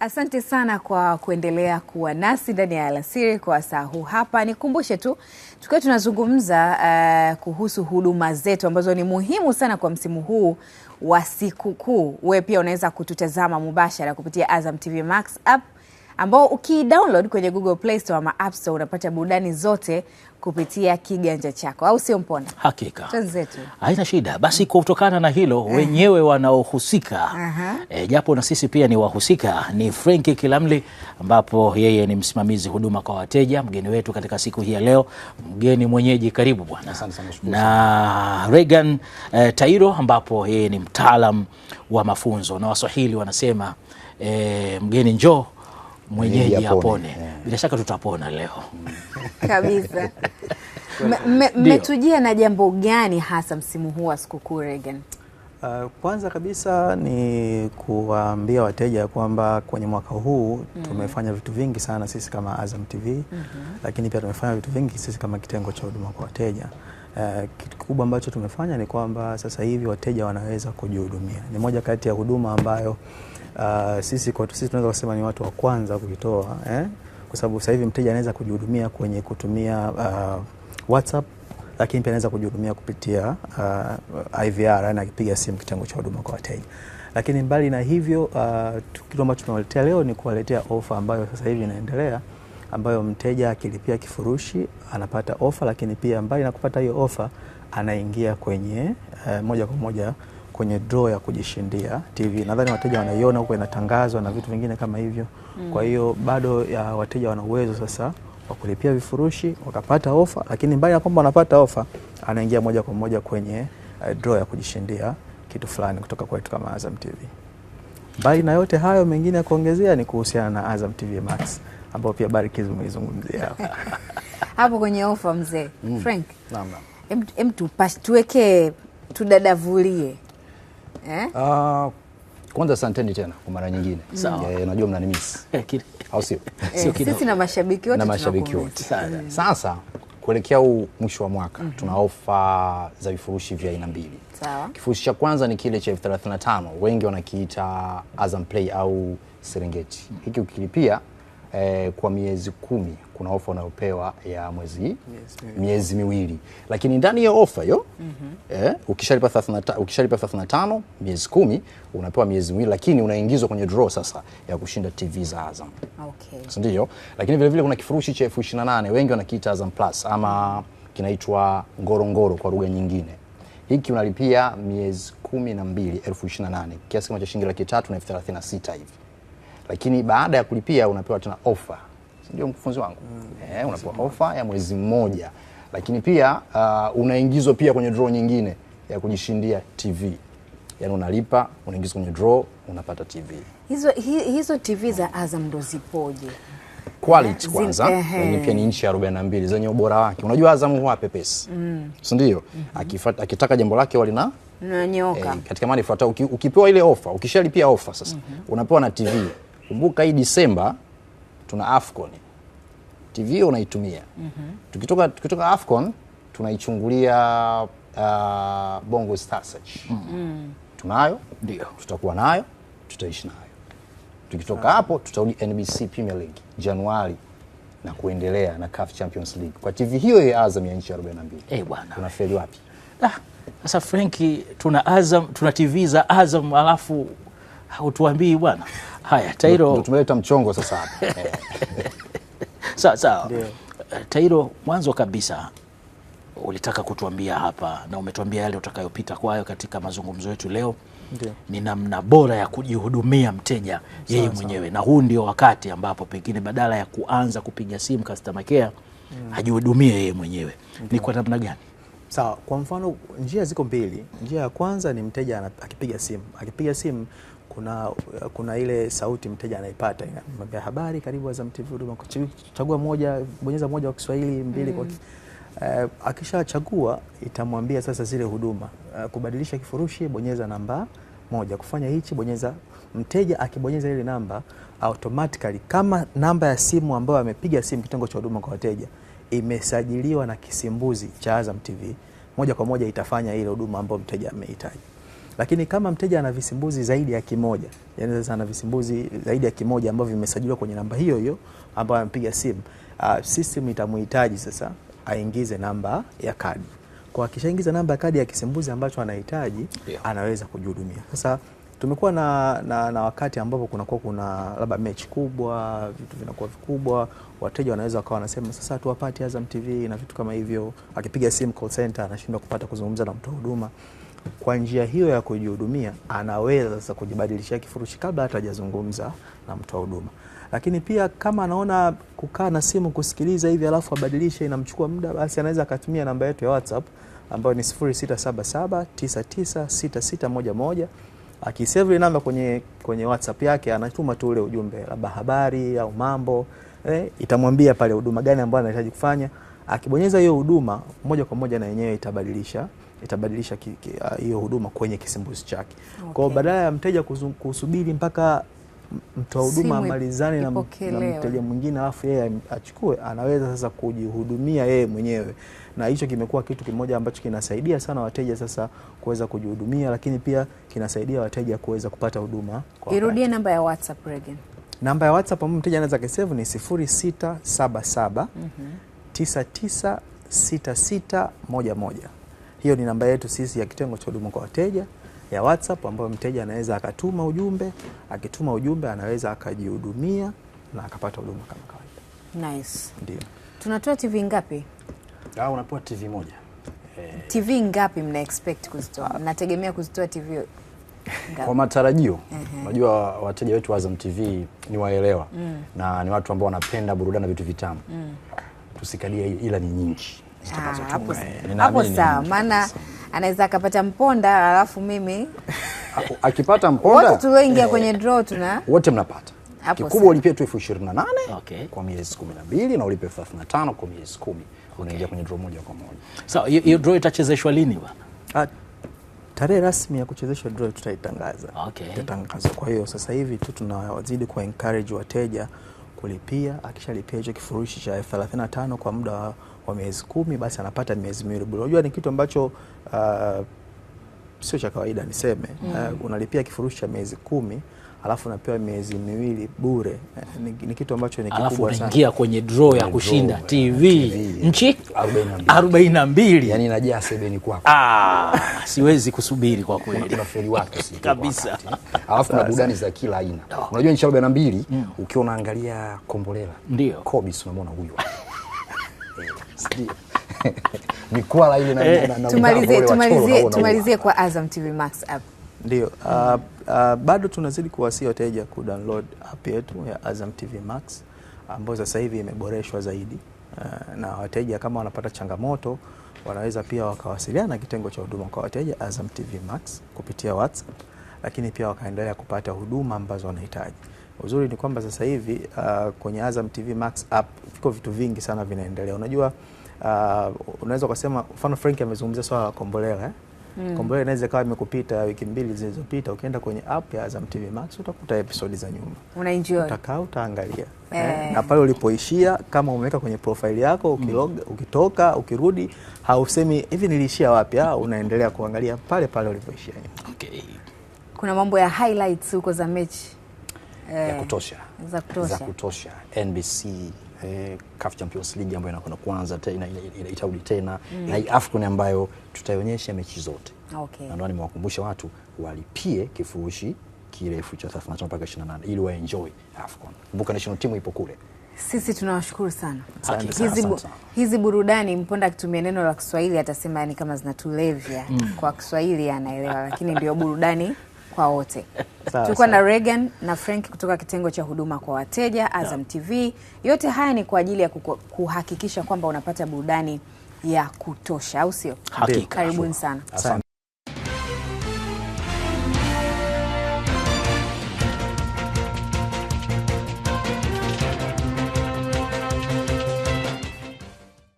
Asante sana kwa kuendelea kuwa nasi ndani ya alasiri kwa saa huu. Hapa nikumbushe tu tukiwa tunazungumza uh, kuhusu huduma zetu ambazo ni muhimu sana kwa msimu huu wa sikukuu. Wewe pia unaweza kututazama mubashara kupitia Azam TV Max app ambao ukidownload kwenye Google Play Store ama App Store unapata burudani zote kupitia kiganja chako, au sio? Mpona hakika haina shida. Basi kutokana na hilo uh eh. -huh. wenyewe wanaohusika uh -huh. e, japo na sisi pia ni wahusika ni Frenki Kilamli, ambapo yeye ni msimamizi huduma kwa wateja, mgeni wetu katika siku hii ya leo. Mgeni mwenyeji, karibu bwana. Na Regan e, Tairo, ambapo yeye ni mtaalam wa mafunzo na Waswahili wanasema e, mgeni njoo mwenyeji apone. Bila shaka tutapona leo kabisa. Mmetujia na jambo gani hasa msimu huu wa sikukuu regan Uh, kwanza kabisa ni kuwaambia wateja kwamba kwenye mwaka huu mm -hmm. tumefanya vitu vingi sana sisi kama Azam TV mm -hmm. lakini pia tumefanya vitu vingi sisi kama kitengo cha huduma kwa wateja Uh, kitu kikubwa ambacho tumefanya ni kwamba sasa hivi wateja wanaweza kujihudumia. Ni moja kati ya huduma ambayo uh, sisi kwetu sisi tunaweza kusema ni watu wa kwanza kuitoa eh? Kwa sababu sasa hivi mteja anaweza kujihudumia kwenye kutumia uh, WhatsApp lakini pia anaweza kujihudumia kupitia uh, IVR na akipiga simu kitengo cha huduma kwa wateja. Lakini mbali na hivyo uh, kitu ambacho tumewaletea leo ni kuwaletea ofa ambayo sasa hivi inaendelea ambayo mteja akilipia kifurushi anapata ofa, lakini pia mbali na kupata hiyo ofa anaingia kwenye eh, moja kwa moja kwenye draw ya kujishindia TV. Nadhani wateja wanaiona huko inatangazwa na vitu vingine kama hivyo mm. Kwa hiyo bado ya wateja wana uwezo sasa wa kulipia vifurushi wakapata ofa, lakini mbali na kwamba wanapata ofa anaingia moja kwa moja kwenye uh, draw ya kujishindia kitu fulani kutoka kwetu kama Azam TV. Mbali na yote hayo mengine ya kuongezea ni kuhusiana na Azam TV Max ambao pia Barrick umeizungumzia hapo hapo kwenye ofa mzee mm. Frank, naam tuweke tudadavulie eh? Uh, kwanza asanteni tena kwa mara nyingine mm. Eh, najua mnanimisi eh, au sio? Eh, sisi na mashabiki wote na mashabiki wote mm. sasa kuelekea huu mwisho wa mwaka mm -hmm. tuna ofa za vifurushi vya aina mbili. Sawa. Kifurushi cha kwanza ni kile cha elfu wengi wanakiita Azam Play au Serengeti. Mm. Hiki ukilipia eh, kwa miezi kumi kuna ofa unayopewa ya mwezi yes, miezi miwili, lakini ndani ya ofa hiyo ukishalipa mm -hmm. eh, ukishalipa 35 miezi kumi unapewa miezi miwili, lakini unaingizwa kwenye draw sasa ya kushinda TV za Azam okay. Sindio? lakini vile vile kuna kifurushi cha elfu ishirini na nane wengi wanakiita Azam Plus ama kinaitwa ngorongoro kwa lugha nyingine. Hiki unalipia miezi kumi na mbili elfu ishirini na nane kiasi kama cha shilingi laki tatu na elfu thelathini na sita hivi lakini baada ya kulipia unapewa tena ofa, ndio mkufunzi wangu mm, eh, unapewa ofa ya mwezi mmoja, lakini pia uh, unaingizwa pia kwenye draw nyingine ya kujishindia TV. Yaani unalipa unaingizwa kwenye draw unapata TV. Hizo hi, hizo TV za Azam ndo zipoje? Quality kwanza, lakini pia ni inchi ya 42 zenye ubora wake. Unajua Azam huwa pepesi mm. si ndio? mm -hmm. akitaka jambo lake walina nyoka eh, katika mali ifuatayo uki, ukipewa ile ofa ukishalipia ofa sasa mm -hmm. unapewa na TV Kumbuka hii Disemba tuna Afcon. TV unaitumia. mm -hmm. Tukitoka, tukitoka Afcon tunaichungulia uh, Bongo Star Search. Mm. mm Tunayo, ndio tutakuwa nayo, tutaishi nayo. Tukitoka ah. hapo tutarudi NBC Premier League Januari na kuendelea na CAF Champions League kwa TV hiyo ya Azam ya nchi 42. Eh bwana, tunafeli wapi? Ah, sasa Frenki, tuna Azam, tuna TV za Azam alafu hautuambii bwana. Haya, Tairo tumeleta mchongo sasa hapa eh. sawa sawa. Eh, Tairo, mwanzo kabisa ulitaka kutuambia hapa na umetuambia yale utakayopita kwayo katika mazungumzo yetu leo Ni namna bora ya kujihudumia mteja yeye mwenyewe Na huu ndio wakati ambapo pengine badala ya kuanza kupiga simu customer care mm. ajihudumie yeye mwenyewe Ndiyo. Ni kwa namna gani? Sawa, kwa mfano njia ziko mbili. Njia ya kwanza ni mteja akipiga simu akipiga simu kuna, kuna ile sauti mteja anaipata inamwambia habari, karibu Azam TV Huduma. Chagua moja, bonyeza moja kwa Kiswahili, mbili kwa mm. Uh, akishachagua itamwambia sasa zile huduma uh, kubadilisha kifurushi, bonyeza namba moja, kufanya hichi, bonyeza. Mteja akibonyeza ile namba automatically, kama namba ya simu ambayo amepiga simu kitengo cha huduma kwa wateja imesajiliwa na kisimbuzi cha Azam TV, moja kwa moja itafanya ile huduma ambayo mteja amehitaji. Lakini kama mteja ana visimbuzi zaidi ya kimoja, yani sasa ana visimbuzi zaidi ya kimoja ambavyo vimesajiliwa kwenye namba hiyo hiyo ambayo amepiga simu, uh, ah, system itamhitaji sasa aingize namba ya kadi. Kwa akishaingiza namba ya kadi ya kisimbuzi ambacho anahitaji, yeah, anaweza kujihudumia. Sasa tumekuwa na, na, na wakati ambapo kunakuwa kuna labda mechi kubwa, vitu vinakuwa vikubwa, wateja wanaweza wakawa wanasema sasa tuwapate Azam TV na vitu kama hivyo. Akipiga simu call center anashindwa kupata kuzungumza na mtoa huduma. Kwa njia hiyo ya kujihudumia, anaweza sasa kujibadilishia kifurushi kabla hata hajazungumza na mtoa huduma. Lakini pia kama anaona kukaa na simu kusikiliza hivi alafu abadilishe inamchukua muda, basi anaweza akatumia namba yetu ya WhatsApp ambayo ni 0677996611 akisave namba kwenye, kwenye WhatsApp yake anatuma tu ule ujumbe labda habari au mambo eh, itamwambia pale huduma gani ambayo anahitaji kufanya. Akibonyeza hiyo huduma moja kwa moja na yenyewe itabadilisha itabadilisha ah, hiyo uh, huduma kwenye kisimbuzi chake okay. Kwa badala ya mteja kusubiri mpaka mtoa huduma amalizane na, na mteja mwingine alafu yeye achukue, anaweza sasa kujihudumia yeye mwenyewe, na hicho kimekuwa kitu kimoja ambacho kinasaidia sana wateja sasa kuweza kujihudumia, lakini pia kinasaidia wateja kuweza kupata huduma. Irudie namba ya WhatsApp again. Namba ya WhatsApp ambayo mteja anaweza kasevu ni 0677 996611. Hiyo ni namba yetu sisi ya kitengo cha huduma kwa wateja ya WhatsApp ambayo mteja anaweza akatuma ujumbe, akituma ujumbe anaweza akajihudumia na akapata huduma kama kawaida. Nice. Ndio. Tunatoa TV ngapi? Ah, unapewa TV moja. Eh. TV ngapi mna expect kuzitoa? Mnategemea kuzitoa TV ngapi? Kwa matarajio. Unajua uh -huh. Wateja wetu wa Azam TV ni waelewa mm. na ni watu ambao wanapenda burudani na vitu vitamu mm. Tusikalie ila ni nyingi Ah, hapo eh, sawa, maana anaweza akapata mponda alafu mimi akipata mponda wote tulioingia eh, kwenye draw tuna wote mnapata kikubwa ulipia tu elfu ishirini na nane okay. kwa miezi kumi na mbili na ulipe elfu thelathini na tano kwa miezi kumi unaingia kwenye draw moja kwa moja. So hiyo draw itachezeshwa lini bwana? Ah, tarehe rasmi ya kuchezeshwa draw tutaitangaza, okay. Tutatangaza. Kwa hiyo sasa hivi tu tunawazidi kuwa encourage wateja kulipia, akishalipia hicho kifurushi cha elfu thelathini na tano kwa muda wa kwa miezi kumi, basi anapata miezi miwili bure. Unajua ni kitu ambacho uh, sio cha kawaida niseme. Mm. Uh, unalipia kifurushi cha miezi kumi alafu unapewa miezi miwili bure. Uh, ni, ni kitu ambacho ni kikubwa sana. Unaingia kwenye draw ya kushinda draw, TV, eh, TV eh, nchi 42 yani inajaa sebeni kwako. Ah, siwezi kusubiri kwa kweli unaferi watu si kabisa. Alafu na burudani za kila aina. Unajua nchi 42 mm. ukiwa unaangalia Kombolela, ndio Kobisi unamwona huyu mikwala ile na, eh, tumalizie, kwa Azam TV Max app ndio. uh, uh, bado tunazidi kuwasia wateja ku download app yetu ya Azam TV Max ambayo sasa hivi imeboreshwa zaidi uh, na wateja kama wanapata changamoto wanaweza pia wakawasiliana na kitengo cha huduma kwa wateja Azam TV Max kupitia WhatsApp, lakini pia wakaendelea kupata huduma ambazo wanahitaji. Uzuri ni kwamba sasa hivi uh, kwenye Azam TV Max app viko vitu vingi sana vinaendelea. Unajua uh, unaweza ukasema mfano Frank amezungumzia swala la Kombolela eh? Mm. Kombolela inaweza ikawa imekupita wiki mbili zilizopita, ukienda kwenye app ya Azam TV Max utakuta episodi za nyuma, una enjoy, utakaa utaangalia eh. Eh, na pale ulipoishia kama umeweka kwenye profile yako ukilog, mm. ukitoka ukirudi, hausemi hivi niliishia wapi, ah? unaendelea kuangalia pale pale ulipoishia. Okay. Kuna mambo ya highlights huko za mechi eh, ya kutosha za kutosha, za kutosha. NBC eh, CAF Champions League ambayo inakwenda kuanza tena itarudi tena mm. na hii AFCON ambayo tutaonyesha mechi zote okay. na ndio nimewakumbusha watu walipie kifurushi kirefu cha 35 mpaka 28 ili waenjoy AFCON. Kumbuka national team ipo kule. Sisi tunawashukuru sana. sana. Hizi, bu hizi burudani Mponda akitumia neno la Kiswahili atasema ni kama zinatulevya. Mm. Kwa Kiswahili anaelewa lakini ndio burudani kwa wote. Tulikuwa na Regan na Frank kutoka kitengo cha huduma kwa wateja Azam TV. Yote haya ni kwa ajili ya kuhakikisha kwamba unapata burudani ya kutosha, au sio? Karibuni sana.